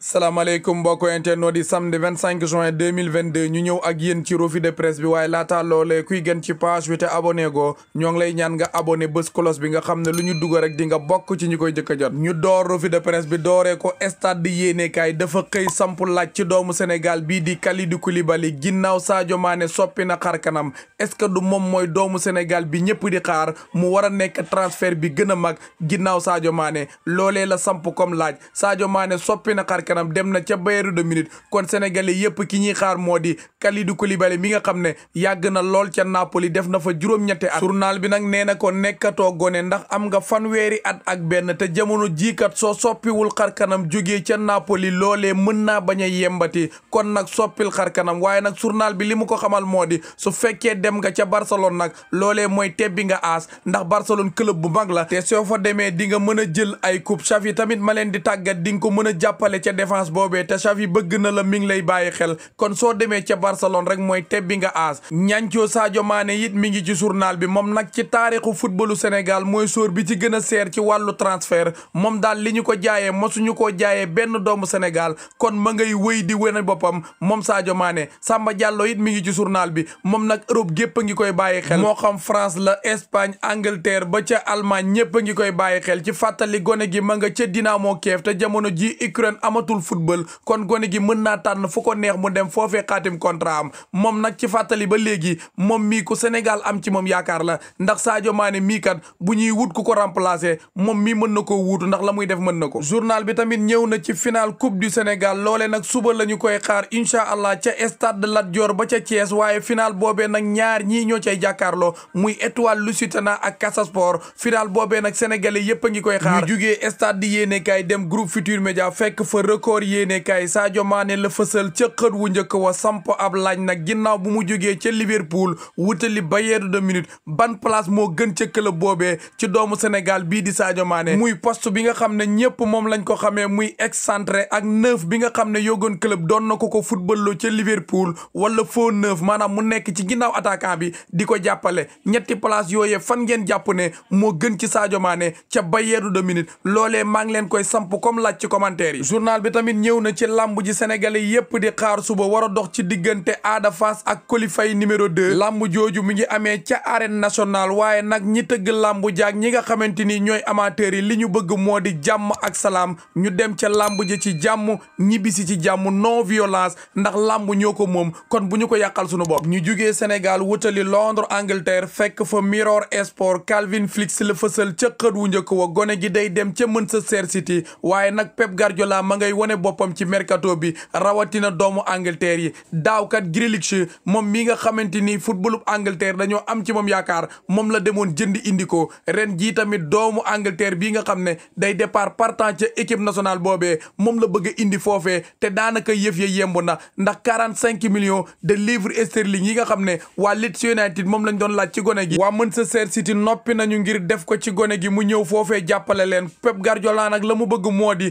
salaamaaleykum mbokk internet di samedi 25 juin 2022 ñu ñëw ak yéen ci revue de presse bi waaye laata loolee kuy gën ci page bi te abonné go ñoo ngi lay ñaan nga abone bés kolos bi nga xam ne lu ñu dugg rek di nga bokk ci ñu koy jëkk a jot ñu door rofi de presse bi dooree ko stade di yéenekaay dafa xëy samp laaj ci doomu Sénégal bii di Kalidou Koulibaly ginnaaw Sadio Mané soppi na xar kanam est-ce que du moom mooy doomu Sénégal bi ñëpp di xaar mu war a nekk transfert bi gën a mag ginnaaw Sadio Mané loolee la samp comme laaj Sadio Mané soppi na xar kanam dem na ca Bayern de Munich kon sénégalais yépp ki ñuy xaar moo di Kalidou Koulibaly mi nga xam ne yàgg na lool ca Napoli def na fa juróom-ñetti at journal bi nag nee na ko nekkatoo gone ndax am nga fanweeri at ak benn te jamono jiikat soo soppiwul xarkanam kanam jógee ca Napoli loolee mën naa bañ a yembati kon nag soppil xar kanam waaye nag journal bi li mu ko xamal moo di su fekkee dem nga ca Barcelone nag loolee mooy tebbi nga aas ndax Barcelone club bu mag la te soo fa demee di nga a ay coupe Xavi tamit ma a jàppale ca défense boobee te Xavi bëgg na la mi ngi lay bàyyi xel kon soo demee ca Barcelone rek mooy tebbi nga aas ñancoo Sadio Mané it mi ngi ci journal bi moom nag ci taarixu footballu Sénégal mooy sóor bi ci gën a seer ci wàllu transfert moom daal li ñu ko jaayee mosuñu koo jaayee benn doomu Sénégal kon ma ngay wëy di wane boppam moom saajo Mané Samba jàlloo it mi ngi ci surnale bi moom nag Europe gépp a ngi koy bàyyi xel moo xam France la Espagne Angleterre ba ca Allemagne ñëpp a ngi koy bàyyi xel ci fàttali gone gi ma nga ca Dinamo Kiev te amatul football kon gone gi mën naa tànn fu ko neex mu dem foofee xaatim contrat am moom nag ci fàttali ba léegi moom mii ku Sénégal am ci moom yaakaar la ndax Sadio Mané mii kat bu ñuy wut ku ko remplacer moom mii mën na ko wuutu ndax la muy def mën na ko journal bi tamit ñëw na ci final coupe du Sénégal loole nag suba la ñu koy xaar incha allah ca stade de Lat Dior ba ca Thiès waaye final boobee nag ñaar ñi ñoo cay jàkkaarloo muy étoile Lusitana ak Casa Sport final a ngi record yéene kay Sadio Mané la fësal ca xët wu njëkk wa samp ab laaj nag ginnaaw bu mu jógee ca Liverpool wutali Bayern de Munich ban place moo gën ca club boobee ci doomu Sénégal bii di Sadio Mané muy post bi nga xam ne ñëpp moom lañ ko xamee muy ex excentré ak neuf bi nga xam ne yogoon club doon na ko ko football loo ca Liverpool wala faux neuf maanaam mu nekk ci ginnaaw attaquant bi di ko jàppale ñetti place yooyee fan ngeen jàpp ne moo gën ci Sadio Mané ca Bayern de Munich maa ngi leen koy samp comme laaj ci bi tamit ñëw na ci làmb ji sénégalais yépp di xaar suba war a dox ci diggante Ada fas ak kolifay numéro 2 lamb jooju mi ngi amee ca arène national waaye nag ñi tëgg lamb jaag ñi nga xamante ni ñooy amateurs yi li ñu bëgg moo di jàmm ak salaam ñu dem ca làmb ji ci jàmm ñibbisi ci jàmm non violence ndax lamb ñoo ko moom kon bu ñu ko yàqal sunu bopp ñu jugee Sénégal wutali Londres Angleterre fekk fa Mirror Sport Calvin Flix la fësal ca xët wu njëkk wa gone gi day dem ca Manchester City waaye nag wane boppam ci mercato bi rawatina doomu Angleterre yi daaw kat daawkat Grealish moom mi nga xamante ni footballu Angleterre dañoo am ci moom yaakaar moom la demoon jënd indi ko ren jii tamit doomu Angleterre bii nga xam ne day départ partant ca équipe national boobee moom la bëgg indi foofe te daanaka yëf ya yemb na ndax quarante cinq millions de livres sterling yi nga xam ne waa Leeds United moom lañ doon laaj ci gone gi waa mën Manchester City noppi nañu ngir def ko ci gone gi mu foofee jàppale leen Pep Guardiola nag la mu bëgg moo di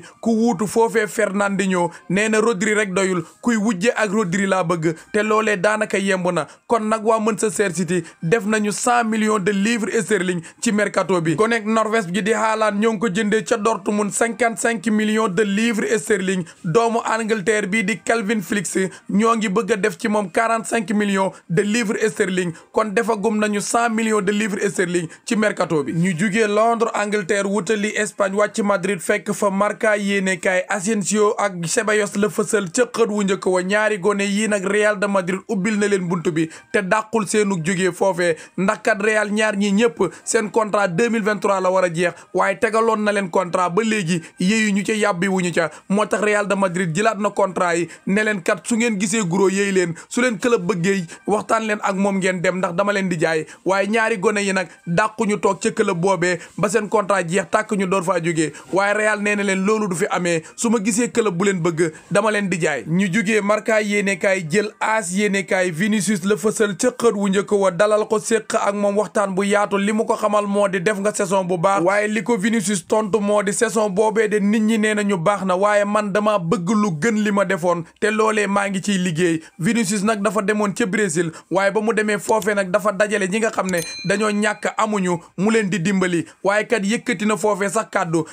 Fernandinho nee na Rodri rek doyul kuy wujje ak Rodri laa bëgg te loole daanaka yemb na kon nag waa Manchester City def nañu cent millions de livres sterling ci mercato bi gonek Norvège gi di Haaland ñoo ngi ko jëndee ca Dortmund cinquante cinq millions de livres sterling doomu Angleterre bii di Calvin Phillips ñoo ngi bëgg def ci moom quarante cinq millions de livres sterling kon defagum nañu cent millions de livres sterling ci mercato bi ñu jugee Londres Angleterre wutali Espagne wàcc Madrid fekk fa Marca yéene Asensio ak Ceballos la fësal ca xët wu njëkk wa ñaari gone yii nag Real de Madrid ubbil na leen bunt bi te dàqul seenug jógee ñaar ñi ñëpp seen contrat 2023 la war a jeex waaye tegaloon na leen contrat ba léegi yéeyu ñu ca yàbbi wuñu ca moo tax Real de Madrid jëlaat na contrat yi ne leen su ngeen gisee guro yéey leen su leen club bëggee waxtaan leen ak moom ngeen dem ndax dama leen di jaay waaye ñaari gone yi nag dàquñu toog ca club boobe ba seen contrat jeex tàkk ñu door faa jógee waaye Real nee leen loolu du fi amee su ma gisee club bu leen bëgg dama leen di jaay ñu jugee Marca yéenekaay jël AS yéenekaay Vinicius la fësal ca xët wu njëkk wa dalal ko séq ak moom waxtaan bu yaatu li mu ko xamal moo di def nga saison bu baax waaye li ko Vinicius tontu moo di saison boobee de nit ñi nee na ñu baax na waaye man dama bëgg lu gën li ma defoon te loolee maa ngi ciy liggéey Vinicius nag dafa demoon ca Brésil waaye ba mu demee foofe nag dafa dajale ñi nga xam ne dañoo ñàkk amuñu mu leen di dimbali na foofee sax kàddu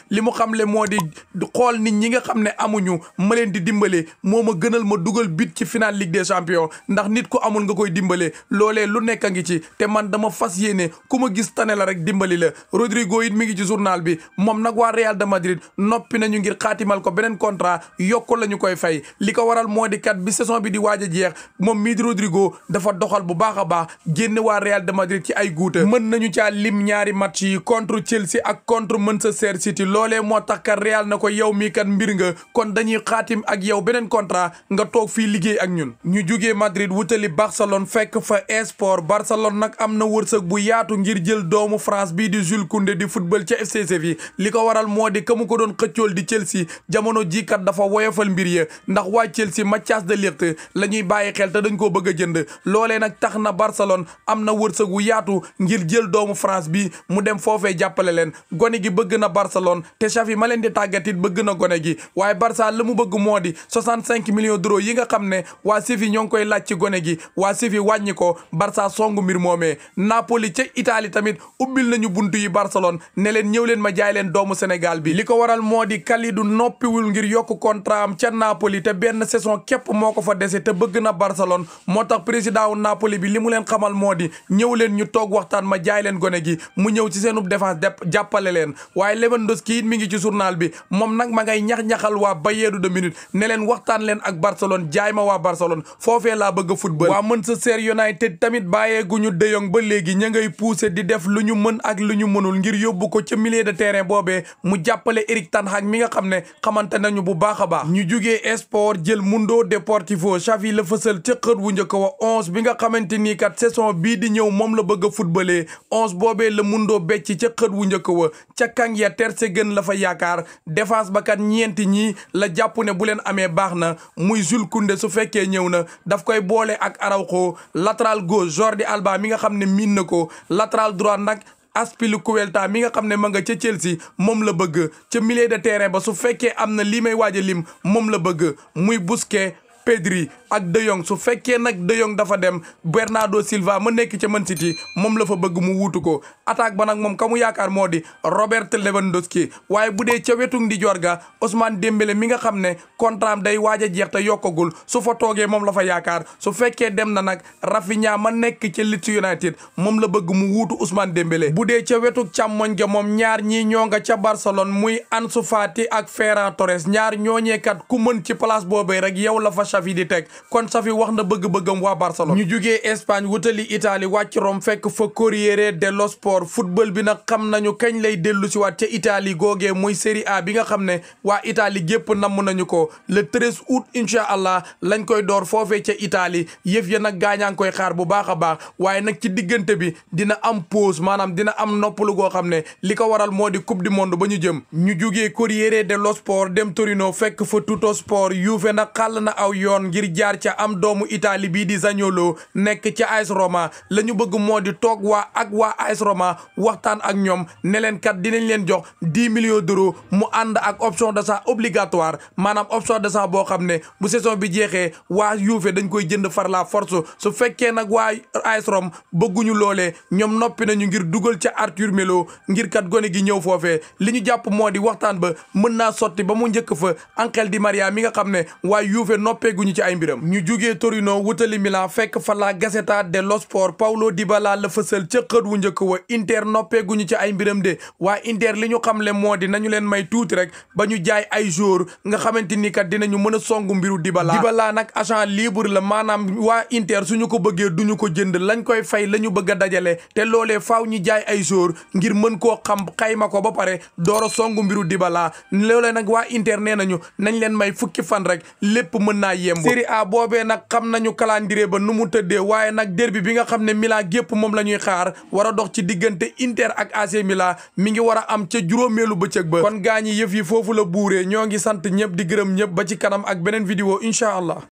ne amuñu ma leen di dimbale moo ma gënal ma dugal bit ci finale Ligue des champions ndax nit ku amul nga koy dimbale loolee lu nekk a ngi ci te man dama fas yéene ku ma gis tane la rek dimbali la Rodrigo yit mi ngi ci journal bi moom nag waa Real de Madrid noppi nañu ngir xaatimal ko beneen contrat yokk lañu koy fay li ko waral moo di kat bi saison bi di waaj a jeex moom mii di Rodrigo dafa doxal bu baax a baax génne waa Real de Madrid ci ay guute mën nañu caa lim ñaari match yi contre Chelsea ak contre Manchester City loolee moo tax kat na ko yow mii kat mbir nga kon dañuy xaatim ak yow beneen contrat nga toog fii liggéey ak ñun ñu jugee Madrid wutali Barcelone fekk fa esport Barcelone nag am na wërsëg bu yaatu ngir jël doomu France bii di Jules di football ca FC Séville li ko waral moo di ka ko doon xëccool di Chelsea jamono jii kat dafa woyofal mbir ya ndax waa Chelsea Mathias de Ligt la ñuy bàyyi xel te dañ koo bëgg a jënd loolee nag tax na Barcelone am na wërsëg wu yaatu ngir jël doomu France bi mu dem foofe jàppale leen gone gi bëgg na Barcelone te Xavi ma leen di tàggatit bëgg na gone gi waaye Barça la mu bëgg moo di 65 millions d'euros yi nga xam ne waa Séville ñoo ngi koy laaj ci gone gi waa Séville wàññi ko Barça songu mbir moomee Napoli ca Italie tamit ubbil nañu buntu yi Barcelone ne leen ñëw leen ma jaay leen doomu Sénégal bi li ko waral moo di du noppiwul ngir yokk contrat am ca Napoli te benn saison képp moo ko fa dese te bëgg na Barcelone moo tax président wu Napoli bi li mu leen xamal moo di ñëw leen ñu toog waxtaan ma jaay leen gone gi mu ñëw ci seenub défense jàppale leen waaye Lewandowski ci journal bi woo waa Bayéedu de Munich ne leen waxtaan leen ak Barcelone jaay ma waa Barcelone foofee laa bëgg a football waa Manchester United tamit bàyyeeguñu De Jong ba léegi ña ngay poussé di def lu ñu mën ak lu ñu mënul ngir yóbbu ko ca milieu de terrain boobee mu jàppale Eric Ten Hag mi nga xam ne xamante nañu bu baax a baax ñu jugee sport jël mundoo Deportivo Xavi la fësal ca xër wu njëkk wa onze bi nga xamante ni kat saison bii di ñëw moom la bëgg a footballé onze boobee la Mundo becc ca xër wu njëkk wa ca kang ya Ter Stegen la la jàpp ne bu leen amee baax na muy Jules Koundé su fekkee ñëw na daf koy boole ak Araujo latéral gauche Jordi Alba mi nga xam ne miin na ko latéral droit nag Azpilicueta mi nga xam ne ma nga ca Chelsea moom la bëgg ca milieu de terrain ba su fekkee am na lii may waaj a lim moom la bëgg muy Busquets Pedri ak De su fekkee nag De dafa dem Bernardo Silva ma nekk ca Man City moom la fa bëgg mu wuutu ko attaque ba nag moom ka mu yaakaar moo di Robert Lewandowski waaye bu dee ca wetu ndijoor ga Ousmane Dembélé mi nga xam ne contrat day waaj jeex te yokkagul su fa toogee moom la fa yaakaar su fekkee dem na nag Rafinha ma nekk ca Leeds United moom la bëgg mu wuutu Ousmane Dembélé bu dee ca wetu càmmoñ ga moom ñaar ñii ñoo nga ca Barcelone muy an Fati ak Ferran ñaar ñooñeekat ku mën ci place boobee rek yow la fa Xavi di teg kon Xavi wax na bëgg-bëggam waa Barcelone ñu jugee Espagne wutali Italie wàcc Rome fekk fa Corriere dello por football bi nag xam nañu kañ lay dellu si waat ca Italie googee muy Serie A bi nga xam ne waa Italie jëpp namm nañu ko le 13 août incha allah lañ koy door foofee ca itali yëf ya nag gaañaa ngi koy xaar bu baax a baax waaye nag ci diggante bi dina am pause maanaam dina am noppalu goo xam ne li ko waral moo di coupe du monde ba ñu jëm ñu jugee Corriere dello Sport dem Torino fekk fa Tuttosport Juve nag xàll na aw yoon ngir jaar ca am doomu Italie bii di Zaniolo nekk ca AS Roma la ñu bëgg moo di toog waa ak waa AS Roma waxtaan ak ñoom ne leen kat dinañ leen jox dix millions d'euros mu ànd ak option d'achat obligatoire maanaam option d'achat boo xam ne bu saison bi jeexee waa Juve dañ koy jënd far la force su fekkee nag waa AS Roma bëgguñu loole ñoom noppi nañu ngir dugal ca Arthur Melo ngir kat gone gi ñëw foofee li ñu jàpp moo di waxtaan ba mën naa sotti ba mu njëkk fa Angel mi nga xam mbiram ñu jugee Torino wutali Milan fekk fa la Gazzetta dello Sport Paulo Dybala la fësal ca xët wu njëkk wa Inter noppeeguñu ci ay mbiram de waa Inter li xam xamle moo di leen may tuuti rek ba ñu jaay ay jour nga xamante ni kat dinañu mën a songu mbiru Dybala Dybala nag agent libre la maanaam waa Inter suñu ko bëggee duñu ko jënd lañ koy fay la ñu bëgg a dajale te loolee faaw ñu jaay ay jour ngir mën koo xam xayma ko ba pare door songu mbiru Dybala loolee nag waa Inter nee nañu nañ leen may fukki fan rek lépp mën naa yemb combat boobee nag xam nañu calendrier ba nu mu tëddee waaye nag derbi bi nga xam ne Milan gépp moom la ñuy xaar war a dox ci diggante Inter ak AC Milan mi ngi war a am ca juróomeelu bëccëg ba kon gaañi yëf yi foofu la buuree ñoo ngi sant ñëpp di gërëm ñëpp ba ci kanam ak beneen vidéo incha allah